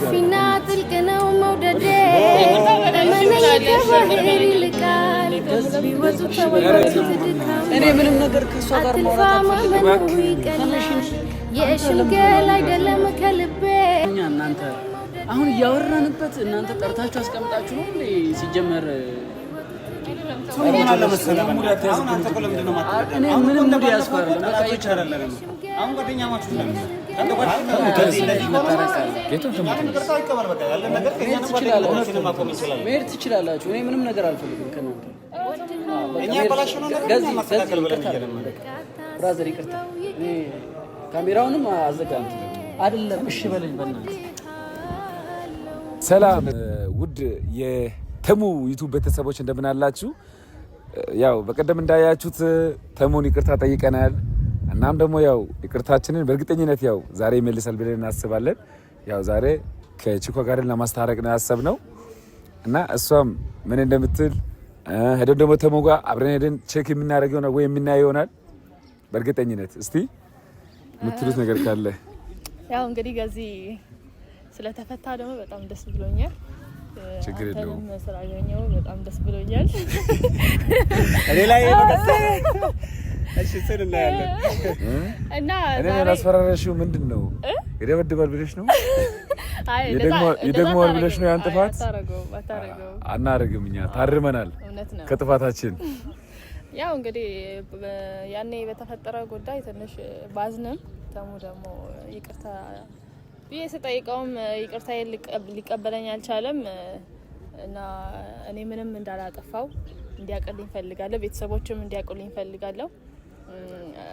ሰፊና ጥልቅ ነው መውደዴ ከባህር ይልቃል። እኔ ምንም ነገር ከእሷ ጋር ማውራት የሽምገል አይደለም ከልቤ እናንተ አሁን እያወራንበት እናንተ ጠርታችሁ አስቀምጣችሁ ነው ሲጀመር ምንም ሙድ ያስፈራል። መሄድ ትችላላችሁ። እኔ ምንም ነገር አልፈልግም ከእናንተ ብራዘር፣ ይቅርታ ካሜራውንም አይደለም። እሺ በለኝ በእናትህ። ሰላም ውድ የተሙ ዩቱብ ቤተሰቦች እንደምን አላችሁ? ያው በቀደም እንዳያችሁት ተሙን ይቅርታ ጠይቀናል። እናም ደግሞ ያው ይቅርታችንን በእርግጠኝነት ያው ዛሬ ይመልሳል ብለን እናስባለን። ያው ዛሬ ከቺኮ ጋርን ለማስታረቅ ነው ያሰብነው እና እሷም ምን እንደምትል ሄደን ደግሞ ተሞጓ አብረን ሄደን ቼክ የምናደርግ ይሆናል ወይ የምናየው ይሆናል በእርግጠኝነት። እስቲ የምትሉት ነገር ካለ ያው እንግዲህ ከዚህ ስለተፈታ ደግሞ በጣም ደስ ብሎኛል። ችግር የለውም። ስራ በጣም ደስ ብሎኛል። ሌላ እናያለን። አስፈራራሽው ምንድን ነው? ይደበድባል ብለሽ ነው ይደግመዋል ብለሽ ነው ያን ጥፋት አናደርግም። እኛ ታርመናል ከጥፋታችን። ያው እንግዲህ ያኔ በተፈጠረ ጉዳይ ትንሽ ባዝንም ተሙ ደግሞ ይቅርታ ብዬ ስጠይቀውም ይቅርታ ሊቀበለኝ አልቻለም እና እኔ ምንም እንዳላጠፋው እንዲያቅልኝ ፈልጋለሁ። ቤተሰቦችም እንዲያቅልኝ ፈልጋለሁ።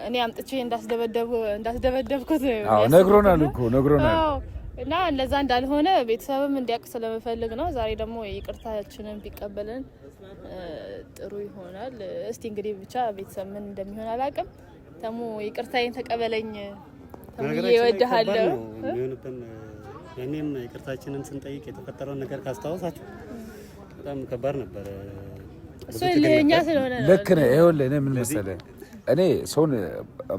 እኔ አምጥቼ እንዳስደበደብኩት አዎ ነግሮናል እኮ ነግሮናል። እና እንደዛ እንዳልሆነ ቤተሰብም እንዲያውቅ ስለምፈልግ ነው። ዛሬ ደግሞ ይቅርታችንን ቢቀበልን ጥሩ ይሆናል። እስቲ እንግዲህ ብቻ ቤተሰብ ምን እንደሚሆን አላውቅም። ተሙ ይቅርታዬን ተቀበለኝ፣ ተሙዬ እወድሃለሁ። እኔም ይቅርታችንን ስንጠይቅ የተፈጠረውን ነገር ካስታወሳችሁ በጣም ከባድ ነበረ። እሱ ልህኛ ስለሆነ ልክ ነህ። ይኸውልህ እኔ ምን መሰለህ እኔ ሰውን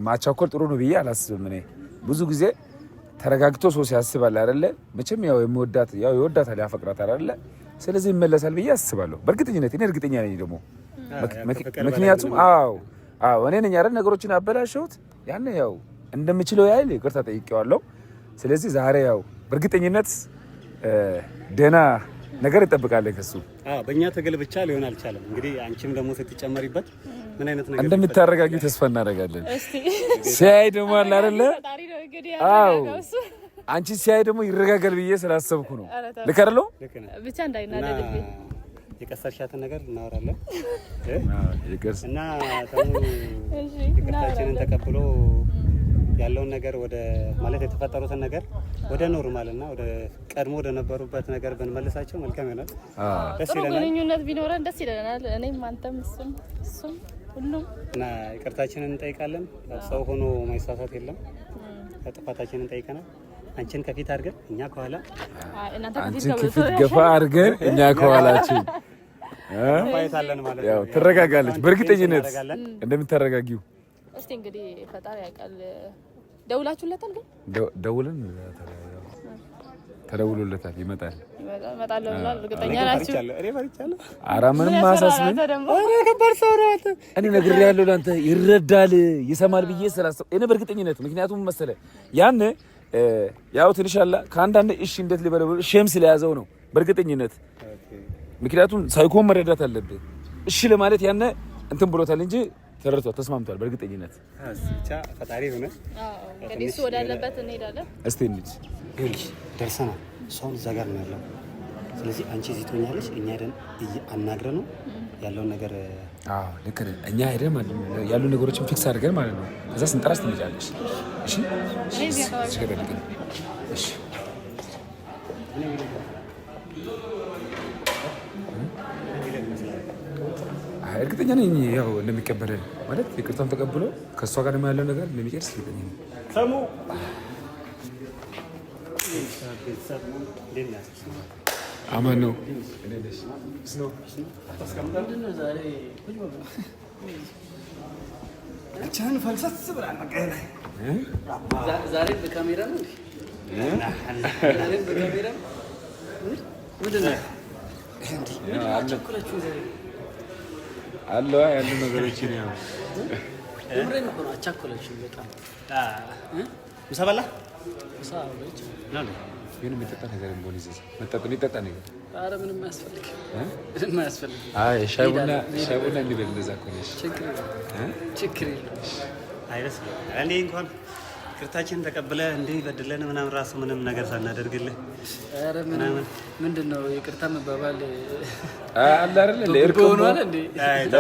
ማቻኮል ጥሩ ነው ብዬ አላስብም። እኔ ብዙ ጊዜ ተረጋግቶ ሰው ሲያስባል አይደለ? መቼም ያው የሚወዳት ያው ይወዳታል ያፈቅራታል አይደለ? ስለዚህ ይመለሳል ብዬ አስባለሁ በእርግጠኝነት እኔ እርግጠኛ ነኝ። ደግሞ ምክንያቱም አዎ አዎ እኔ ነኝ አይደል ነገሮችን አበላሸሁት። ያን ያው እንደምችለው ያህል ይቅርታ ጠይቄዋለሁ። ስለዚህ ዛሬ ያው በእርግጠኝነት ደህና ነገር እጠብቃለሁ ከሱ። አዎ በእኛ ትግል ብቻ ሊሆን አልቻለም። እንግዲህ አንቺም ደግሞ ስትጨመሪበት ምን አይነት ነገር እንደምታረጋጊ ተስፋ እናደርጋለን። ሲያይ ደግሞ አለ አይደለ? አዎ አንቺ ሲያይ ደግሞ ይረጋጋል ብዬ ስላሰብኩ ነው። ልክ አይደለሁ? ብቻ እንዳይናደድብኝ የቀሰርሻትን ነገር እናወራለን እና ተሙ ይቅርታችንን ተቀብሎ ያለውን ነገር ወደ ማለት የተፈጠሩትን ነገር ወደ ኖርማልና ወደ ቀድሞ ወደ ነበሩበት ነገር ብንመልሳቸው መልካም ይሆናል። ደስ ይለናል። ግንኙነት ቢኖረን ደስ ይለናል። እኔም አንተም እሱም እሱም ሁሉም እና ይቅርታችንን እንጠይቃለን። ሰው ሆኖ መሳሳት የለም። ጥፋታችንን ጠይቀናል። አንቺን ከፊት አድርገን እኛ ከኋላ፣ አንቺን ከፊት ገፋ አድርገን እኛ ከኋላችን ትረጋጋለች። በእርግጠኝነት እንደምታረጋጊው እስቲ እንግዲህ ፈጣሪ ያውቃል። ደውላችሁለታል? ግን ደውለን ተደውሎለታል። ይመጣል ይመጣል ብሏል። እርግጠኛ ናችሁ? ኧረ ምንም አያሳስብም። ከባድ ነው። እኔ ነግሬያለሁ ለአንተ ይረዳል፣ ይሰማል ብዬ ስላሰብ እኔ በእርግጠኝነት ምክንያቱም መሰለ ያን ያው ትንሽ አላ ከአንዳንድ እሺ እንደት ሊበለው ሼም ስለያዘው ነው በእርግጠኝነት ምክንያቱም ሳይኮን መረዳት አለብህ። እሺ ለማለት ያነ እንትን ብሎታል እንጂ ተረድቷል፣ ተስማምቷል። በእርግጠኝነት ብቻ ፈጣሪ ሆነ እንግዲህ እሱ ወዳለበት እንሄዳለን። እስቲ እንሂድ። ይኸውልሽ ደርሰናል። ሰውን እዛ ጋር ነው ያለው። ስለዚህ አንቺ እዚህ ትሆኛለሽ፣ እኛ ሄደን አናግረ ነው ያለውን ነገር ልክ እኛ ሄደን ያሉ ነገሮችን ፊክስ አድርገን ማለት ነው። ከዛ ስንጠራሽ ትመጫለሽ። እሺ እሺ። እርግጠኛ ነኝ ያው እንደሚቀበል ማለት ይቅርታም ተቀብሎ ከእሷ ጋር ያለው ነገር እንደሚቀርስ እርግጠኛ ነኝ። ሰሙ አማን ነው። ብቻህን ፈልሰት ብላል። ዛሬ በካሜራ ነው ዛሬ አለ ያሉ ነገሮች ነው። አቻኮላችሁ በጣም ምሳ በላ ግን የሚጠጣ ነገር እንደሆነ ይዘህ መጠጥ የሚጠጣ ነገር አረ ምንም አያስፈልግም፣ ምንም አያስፈልግም። አይ ሻይ ቡና ሻይ ቡና እንዲበል እንደዛ እኮ ነሽ። ችግር የለም ችግር የለም። እንኳን ይቅርታችን ተቀብለ እንዲህ በድለን ምናምን ራሱ ምንም ነገር ሳናደርግልህ ምንድን ነው ይቅርታ መባባል አለ አይደል?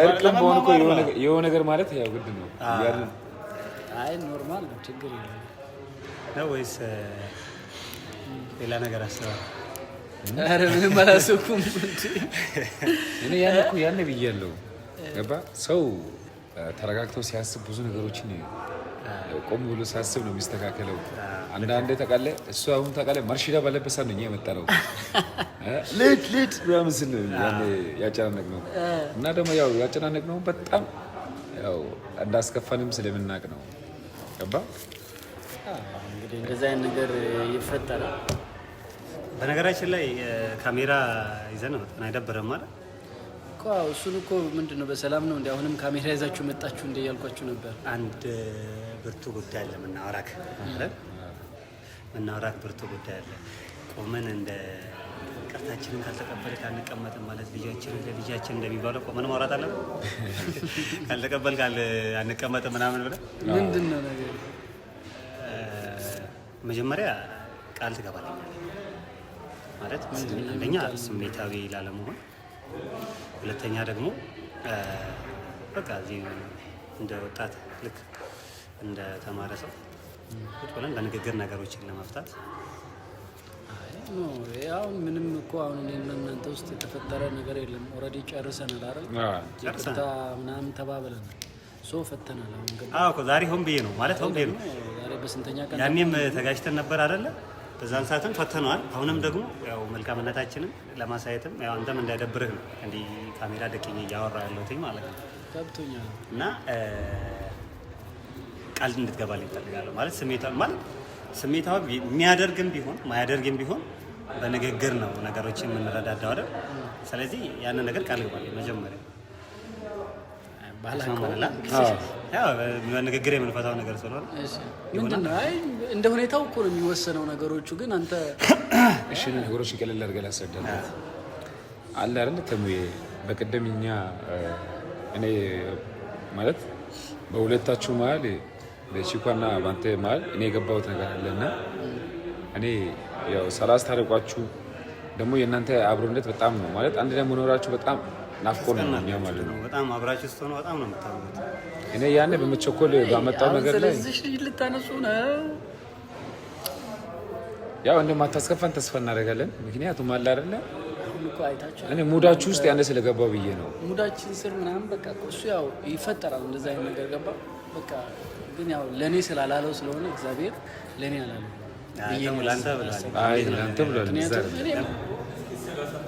እርቅ መሆን እኮ የሆነ ነገር ማለት ያው ግድ ነው። አይ ኖርማል ነው፣ ችግር ነው ወይስ ሌላ ነገር አስባል? ኧረ ምንም አላሰብኩም። እኔ ያን እኮ ያኔ ብያለሁ። ገባ ሰው ተረጋግተው ሲያስብ ብዙ ነገሮችን ቆም ብሎ ሳስብ ነው የሚስተካከለው። አንዳንዴ ተቃለ እሱ አሁን ተቃለ መርሽዳ ባለበሳ ነው እኛ የመጣ ነው ልድ ልድ ምስል ነው ያጨናነቅ ነው እና ደግሞ ያው ያጨናነቅ ነው በጣም ያው እንዳስከፋንም ስለምናቅ ነው። ገባ እንግዲህ እንደዚህ አይነት ነገር ይፈጠራል። በነገራችን ላይ ካሜራ ይዘን ነው በጣም አይደብረም ማለት እኮ እሱን እኮ ምንድን ነው በሰላም ነው እንዲ አሁንም ካሜራ ይዛችሁ መጣችሁ እንደ እያልኳችሁ ነበር። አንድ ብርቱ ጉዳይ አለ መናወራክ መናወራክ ብርቱ ጉዳይ አለ። ቆመን እንደ ቅርታችንን ካልተቀበልክ አንቀመጥም ማለት ልጃችን ልጃችን እንደሚባለው ቆመን ማውራት አለ ካልተቀበልክ አንቀመጥም ምናምን ብለ ምንድን ነው ነገር መጀመሪያ ቃል ትገባለኛለህ ማለት አንደኛ ስሜታዊ ላለመሆን ሁለተኛ ደግሞ በቃ እዚህ እንደ ወጣት ልክ እንደ ተማረ ሰው ቁጭ ብለን በንግግር ነገሮችን ለመፍታት አሁን ምንም እኮ አሁን እኔ እናንተ ውስጥ የተፈጠረ ነገር የለም። ኦልሬዲ ጨርሰናል አይደል? ምናምን ተባብለናል፣ ሶ ፈተናል። አሁን ዛሬ ሆን ብዬ ነው ማለት ሆን ብዬ ነው። ያኔም ተጋጅተን ነበር አይደለ? በዛን ሰዓትም ፈተነዋል። አሁንም ደግሞ ያው መልካምነታችንን ለማሳየትም ያው አንተም እንዳይደብርህ ነው እንዲህ ካሜራ ደቅኝ እያወራ ያለሁት ማለት ነው። እና ቃል እንድትገባልኝ እፈልጋለሁ ማለት ስሜታ ማለት ስሜታ የሚያደርግም ቢሆን ማያደርግም ቢሆን በንግግር ነው ነገሮችን የምንረዳዳው አይደል? ስለዚህ ያንን ነገር ቃል ግባልኝ መጀመሪያ በንግግር የምንፈታው ነገር ስለሆነ ምንድን ነው እንደ ሁኔታው እኮ ነው የሚወሰነው። ነገሮቹ ግን አንተ እሺ፣ ነገሮች ቀለል አድርገህ ላስረዳበት አለ አይደል? ተሙዬ በቀደም እኛ እኔ ማለት በሁለታችሁ መሀል በቺኳና በአንተ መሀል እኔ የገባሁት ነገር አለና እኔ ያው ሰላስ ታረቋችሁ ደግሞ የእናንተ አብሮነት በጣም ነው ማለት አንድ ደግሞ ኖራችሁ በጣም ናፍቆን ነው በጣም አብራችሁ ስትሆኑ በጣም ነው የምታምሩት። እኔ ያኔ በመቸኮል ባመጣው ነገር ላይ ልታነሱ ነው። ያው እንደማታስከፋን ተስፋ እናደርጋለን። ምክንያቱም አለ አይደለ እኔ ሙዳችሁ ውስጥ ያኔ ስለገባ ብዬ ነው። ሙዳችን ስር ምናምን በቃ እሱ ያው ይፈጠራል እንደዛ አይነት ነገር ገባ በቃ ግን ያው ለእኔ ስላላለው ስለሆነ እግዚአብሔር ለእኔ አላለው ለአንተ ብሏል።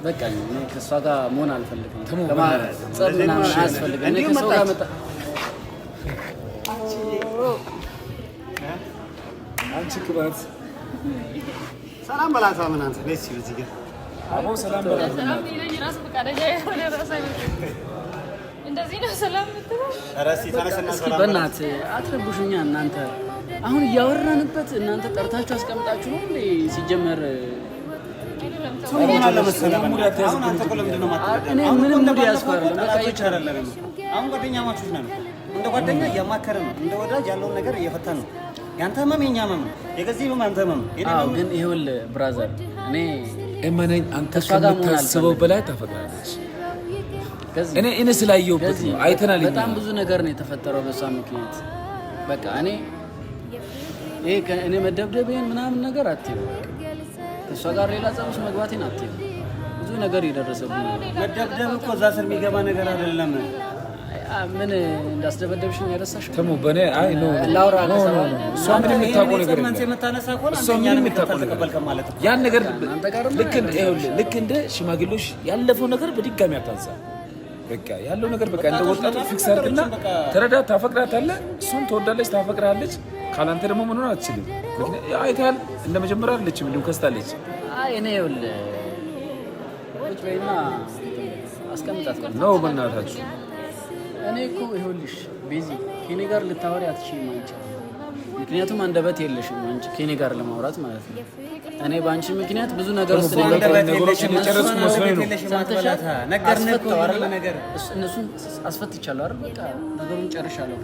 በቃ እኔ ከእሷ ጋር መሆን አልፈልግም። ጸብ ምናምን አያስፈልግም። እኔ ከሰው ጋር መጣ አንቺ ክባት ሰላም በላታ ምን አንተ ነስ ይዚህ ጋር አቦ ሰላም በላታ ይለኝ ራስ ፈቃደኛ የሆነ ራስ እንደዚህ ነው ሰላም የምትለው። ራስ ተነስና ሰላም እናንተ አሁን እያወራንበት እናንተ ጠርታችሁ አስቀምጣችሁ ነው ሲጀመር አሁን ጓደኛ ማቾች ነን። እንደ ጓደኛ እያማከረ ነው፣ እንደ ወዳጅ ያለውን ነገር እየፈታ ነው። ያንተ ህመም የኛ ህመም የገዚህ ህመም አንተ ህመም። ግን ይኸውልህ ብራዘር፣ እኔ እመነኝ፣ አንተ ከምታስበው በላይ ታፈቅራለች። እኔ እኔ ስላየሁበት ነው። አይተናል። በጣም ብዙ ነገር ነው የተፈጠረው በሷ ምክንያት። በቃ እኔ ይሄ እኔ መደብደቤን ምናምን ነገር አትይው ከእሷ ጋር ሌላ ጸብ ውስጥ መግባቴን አትይም። ብዙ ነገር የደረሰብኝ መደብደብ እኮ እዛ ስር የሚገባ ነገር አይደለም። ምን እንዳስደበደብሽ ነው የረሳሽ? ተሙ በእኔ አይ ኖ ላውራ ነው ነው እሷ ምንም የምታውቀው ነገር የለም። ያን ነገር ልክ እንደ ሽማግሌዎች ያለፈው ነገር በድጋሚ አታንሳ በቃ ያለው ነገር በቃ እንደ ወጣቱ ፊክስ አድርግና ተረዳት። ታፈቅራታለህ፣ እሱን ትወዳለች፣ ታፈቅራለች። ካላንተ ደግሞ ምን ሆነ አትችልም። አይተሃል፣ እንደ መጀመሪያ አለችም፣ እንዲሁ ከስታለች። እኔ ይኸውልህ ቁጭ አስቀምጣት ነው በእናታችሁ። እኔ እኮ ይኸውልሽ ቤዛ ከእኔ ጋር ልታወሪ አትችልም አንቺ ምክንያቱም አንደበት የለሽም አንቺ ከኔ ጋር ለማውራት ማለት ነው። እኔ በአንቺ ምክንያት ብዙ ነገር ውስጥ እነሱን አስፈትቻለሁ አይደል? በቃ ነገሩን ጨርሻለሁ።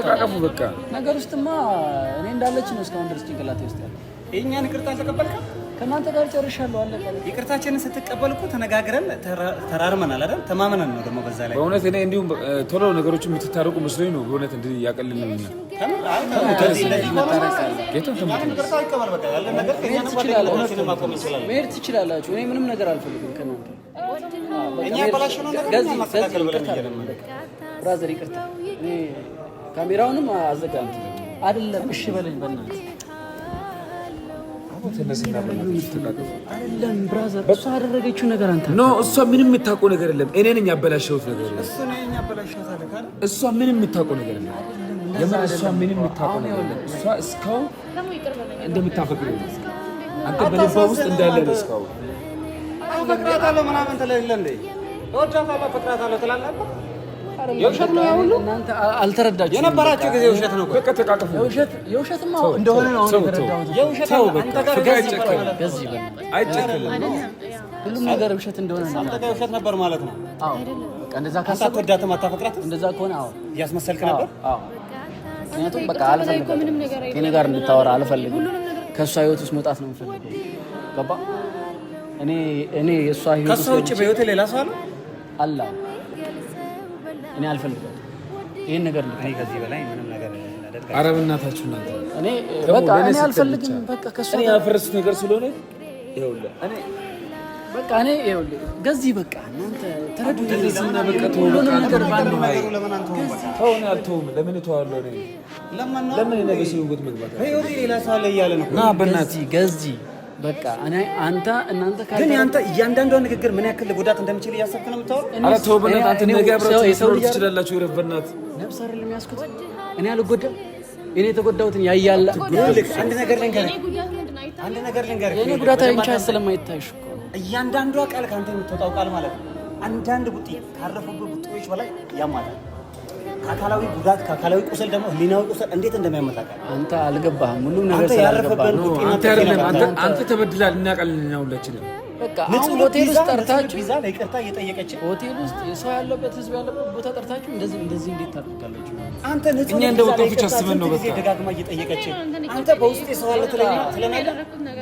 ተቃቀፉ። በቃ ነገር ውስጥማ እኔ እንዳለች ነው እስካሁን ድረስ ጭንቅላቴ ውስጥ ያለ። የእኛን ይቅርታ አልተቀበልክም ከእናንተ ጋር ጨርሻለሁ፣ አለቀ። ይቅርታችንን ስትቀበል እኮ ተነጋግረን ተራርመናል አይደል? ተማምነን ነው ደግሞ በዛ ላይ በእውነት እኔ እንዲሁም ቶሎ ነገሮች የምትታረቁ መስሎኝ ነው። በእውነት እንዲህ ያቀልልን ነው። መሄድ ትችላላችሁ። እኔ ምንም ነገር አልፈልግም ከእናንተ ብራዘር። ይቅርታ ካሜራውንም አዘጋም አይደለም። እሺ በለኝ በእናትህ እሷ ያደረገችው ነገር አንተ ኖ፣ እሷ ምንም የምታውቀው ነገር የለም። እኔ ነኝ ያበላሸሁት ነገር የለም። እሷ ምንም የምታውቀው ነገር የለም። የምር እሷ ምንም የምታውቀው ነገር የለም። እሷ እስካሁን እንደምታፈቅር አንተ በልባ ውስጥ እንዳለ ነው። እስካሁን አፈቅራታለሁ ምናምን ትላለህ፣ እወዳታለሁ፣ አፈቅራታለሁ ትላለህ የውሸት ነው ያሁሉ አልተረዳችሁም። የነበራቸው ጊዜ የውሸት ነው። በቃ ተቃቀፉ። የውሸት የውሸትማ እንደሆነ ነው የተረዳሁት። የውሸት ነው። አንተ ጋር ከዚህ አይጨክልም። ሁሉም ነገር ውሸት እንደሆነ ነው። አንተ ጋር ውሸት ነበር ማለት ነው። አዎ በቃ እንደዛ ካሳ አትወዳትም፣ አታፈቅራት። እንደዛ ከሆነ አዎ እያስመሰልክ ነበር። አዎ ምክንያቱም በቃ አልፈልግም፣ ከኔ ጋር እንድታወራ አልፈልግም። ከእሷ ህይወት ውስጥ መውጣት ነው የምፈልገው። ገባ እኔ እኔ የእሷ ህይወት ከእሷ ውጭ በህይወት ሌላ ሰው አለ አላ እኔ አልፈልግም ይህን ነገር ከዚህ በላይ ምንም አረብ እናታችሁ እናንተ እኔ በቃ እኔ አልፈልግም። በቃ ከሱ እኔ ነገር ስለሆነ ይኸውልህ እኔ በቃ እኔ ይኸውልህ ገዚህ በቃ እናንተ በቃ ተው፣ በቃ ነገር ተው፣ እኔ አልተውም። ለምን እተዋለሁ? እኔ ለምን ነገር መግባት ነው። ይኸውልህ ሌላ ሰው አለ እያለ ነው። ና በእናትህ ገዚህ በቃ እኔ አንተ እናንተ ካለ ግን ያንተ እያንዳንዷ ንግግር ምን ያክል ጉዳት እንደምችል እያሰብክ ነው የምታወራው። አረ ተው በእናትህ አንተ ነገር ብረት ይሰሩ ትችላላችሁ። ይረበናት ነፍስ አይደለም የሚያስኩት እኔ አልጎዳም። እኔ የተጎዳሁትን ያያለ አንድ ነገር ልንገርህ፣ አንድ ነገር ልንገርህ። እኔ ጉዳት አይንቻ ስለማይታይሽ እኮ እያንዳንዷ ቃል ካንተ የምትወጣው ቃል ማለት ነው አንዳንድ ቡጢ ካረፉበት ቡጢዎች በላይ ያማታል። ከአካላዊ ጉዳት ከአካላዊ ቁስል ደግሞ ህሊናዊ ቁስል እንዴት እንደሚያመጣ አንተ አልገባህም። ሁሉም ነገር ስላልገባህ ነው። አንተ ያለህም አንተ ተበድላል እናውቃለን። ሁላችንም በቃ አሁን ሆቴል ውስጥ ጠርታችሁ ቪዛ ይቅርታ እየጠየቀች ሆቴል ውስጥ ሰው ያለበት ህዝብ ያለበት ቦታ ጠርታችሁ እንደዚህ እንደዚህ እንዴት ታደርጋላችሁ? አንተ ንጹህ እኛ እንደ ወጣቶች አስበን ነው። በቃ ደጋግማ እየጠየቀች አንተ በውስጥ ሰው አለ ትለኛለህ።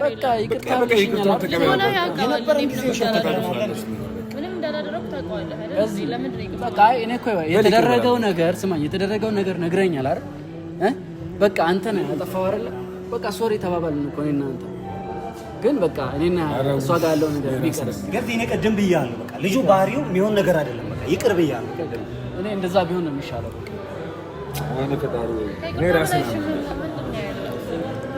በቃ ይቅርታ ይቅርታ ተቀበል የነበረን ጊዜ ሸጠቃለ እንዳላደረኩ የተደረገው ነገር ስማኝ፣ የተደረገው ነገር ነግረኛል አይደል? በቃ አንተ ነህ ያጠፋው አይደል? በቃ ሶሪ ተባባልን እኮ እኔና አንተ። ግን በቃ እኔና እሷ ጋር ያለው ነገር ቢቀርስ ገርድ እኔ ቀደም ብያለሁ። በቃ ልጁ ባህሪው የሚሆን ነገር አይደለም። በቃ ይቅር ብያለሁ። እኔ እንደዛ ቢሆን ነው የሚሻለው። በቃ እኔ ነው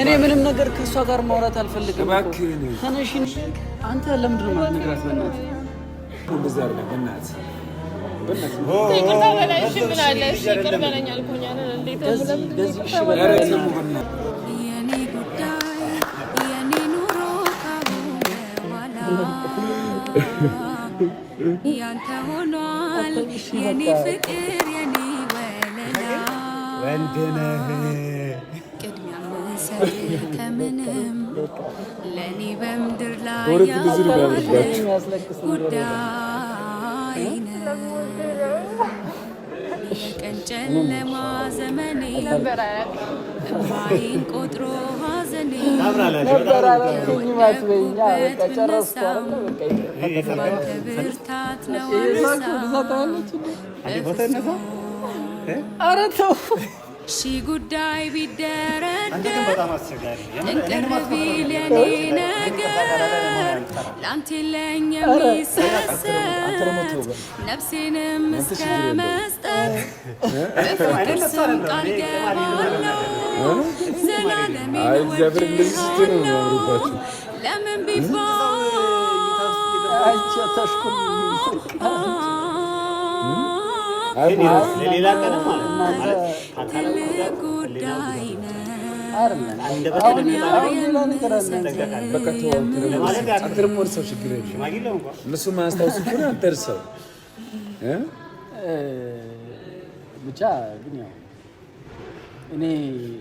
እኔ ምንም ነገር ከእሷ ጋር ማውራት አልፈልግም። ተነሽን አንተ ለምንድን ነው የማትነግራት? በእናትህ የኔ ጉዳይ የኔ ኑሮ ያንተ ሆኗል የኔ ፍቅር የኔ ወለላ ወንድነህ ቅድሚያ መሰል ከምንም ለእኔ በምድር ላይ ያለ ጉዳይ ነው። የቀን ጨለማ ዘመኔ እማዬን ቆጥሮ ሐዘኔ ብርታት ነው አነሳ ተው ሺ ጉዳይ ቢደረደር እንቅርብ ቢል የኔ ነገር ላንቴ ለኝ የሚሰሰት ነፍሴንም እስከ መስጠት በፍቅር ስም ቃል ገባለሁ ዘላለሜ ነው ለምን ቢባል ትልቅ ጉዳይ ነው ብቻ ግን ያው እኔ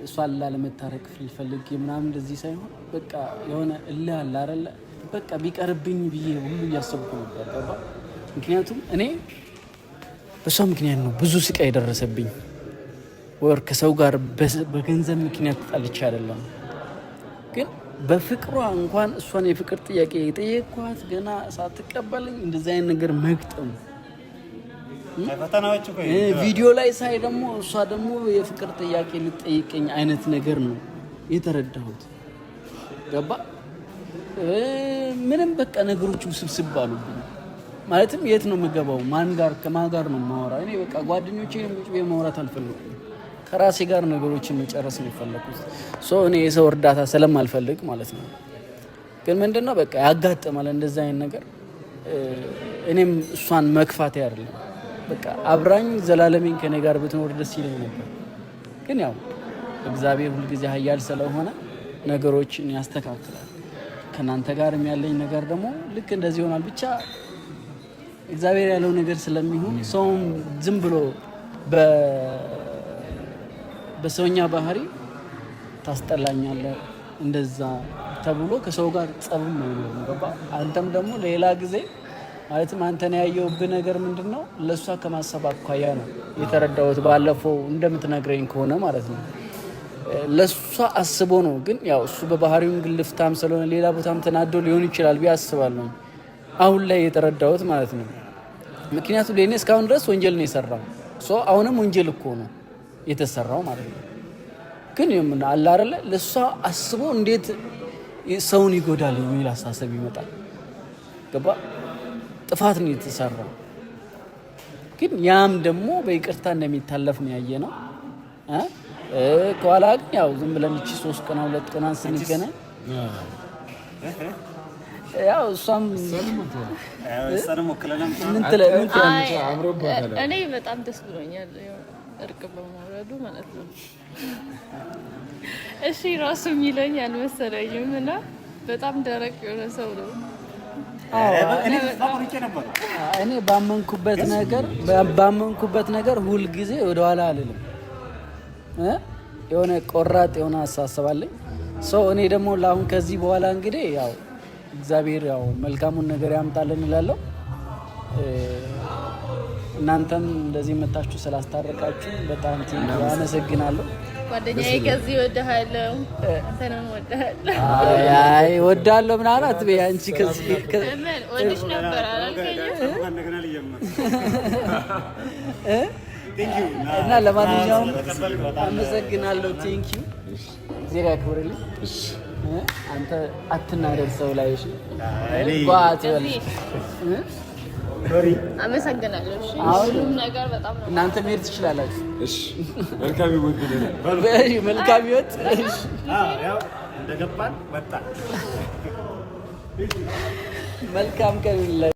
እሷን ላለመታረቅ ፈልፈልግ ምናምን እንደዚህ ሳይሆን በቃ የሆነ እልህ አለ አይደለ? በቃ ቢቀርብኝ ብዬ ሁሉ እያሰብኩ ነበር። ምክንያቱም እኔ በሷ ምክንያት ነው ብዙ ስቃይ የደረሰብኝ። ወር ከሰው ጋር በገንዘብ ምክንያት ተጣልቼ አይደለም። ግን በፍቅሯ እንኳን እሷን የፍቅር ጥያቄ የጠየኳት ገና ሳትቀበልኝ እንደዚህ አይነት ነገር መግጠም ቪዲዮ ላይ ሳይ ደግሞ እሷ ደግሞ የፍቅር ጥያቄ ልጠይቀኝ አይነት ነገር ነው የተረዳሁት። ገባ ምንም በቃ ነገሮች ውስብስብ አሉብኝ። ማለትም የት ነው የምገባው? ማን ጋር ከማን ጋር ነው የማወራ? እኔ በቃ ጓደኞቼ ማውራት አልፈልጉም። ከራሴ ጋር ነገሮችን መጨረስ ነው የፈለኩት። እኔ የሰው እርዳታ ስለማልፈልግ ማለት ነው። ግን ምንድነው በቃ ያጋጥማል እንደዚ አይነት ነገር። እኔም እሷን መክፋት አይደለም። በቃ አብራኝ ዘላለሜን ከኔ ጋር ብትኖር ደስ ይለኝ ነበር። ግን ያው እግዚአብሔር ሁልጊዜ ኃያል ስለሆነ ነገሮችን ያስተካክላል። ከእናንተ ጋር ያለኝ ነገር ደግሞ ልክ እንደዚህ ይሆናል። ብቻ እግዚአብሔር ያለው ነገር ስለሚሆን ሰውም ዝም ብሎ በሰውኛ ባህሪ ታስጠላኛለህ እንደዛ ተብሎ ከሰው ጋር ጸብም አይኖርም። ገባ? አንተም ደግሞ ሌላ ጊዜ ማለትም አንተን ያየውብህ ነገር ምንድን ነው? ለእሷ ከማሰብ አኳያ ነው የተረዳሁት። ባለፈው እንደምትነግረኝ ከሆነ ማለት ነው ለእሷ አስቦ ነው። ግን ያው እሱ በባህሪውን ግልፍታም ስለሆነ ሌላ ቦታም ተናዶ ሊሆን ይችላል ብዬ አስባለሁ። አሁን ላይ የተረዳሁት ማለት ነው። ምክንያቱም ለእኔ እስካሁን ድረስ ወንጀል ነው የሰራው። አሁንም ወንጀል እኮ ነው የተሰራው ማለት ነው። ግን የምን አለ አይደለ ለእሷ አስቦ እንዴት ሰውን ይጎዳል የሚል አሳሰብ ይመጣል። ገባ ጥፋት ነው የተሰራው። ግን ያም ደግሞ በይቅርታ እንደሚታለፍ ነው ያየ ነው። ከኋላ ግን ያው ዝም ብለን እቺ ሶስት ቀና ሁለት ቀና ስንገናኝ ያው እሷም እኔ በጣም ደስ ብሎኛል። እርቅ በመውረዱ ማለት ነው። እሺ ራሱ የሚለኝ አልመሰለኝም እና በጣም ደረቅ የሆነ ሰው ነው። እኔ ባመንኩበት ነገር ባመንኩበት ነገር ሁልጊዜ ወደኋላ አልልም። የሆነ ቆራጥ የሆነ አሳስባለኝ ሶ ሰው እኔ ደግሞ ለአሁን ከዚህ በኋላ እንግዲህ ያው እግዚአብሔር ያው መልካሙን ነገር ያምጣልን እላለሁ። እናንተም እንደዚህ መጣችሁ ስላስታረቃችሁ በጣም አመሰግናለሁ። ጓደኛዬ ከዚህ እወድሃለሁ፣ አንተንም እወድሃለሁ። አይ እወድሃለሁ ምናምን አትበይ አንቺ። ከዚህ ነበር እና ለማንኛውም አመሰግናለሁ። ቴንኪው ዜጋ ክብርልኝ። አንተ አትናደድ ሰው ላይ ጓት አመሰግናለሁ። ሁሉም ነገር በጣም ነው። እናንተ መሄድ ትችላላችሁ። መልካም መልካም ቀን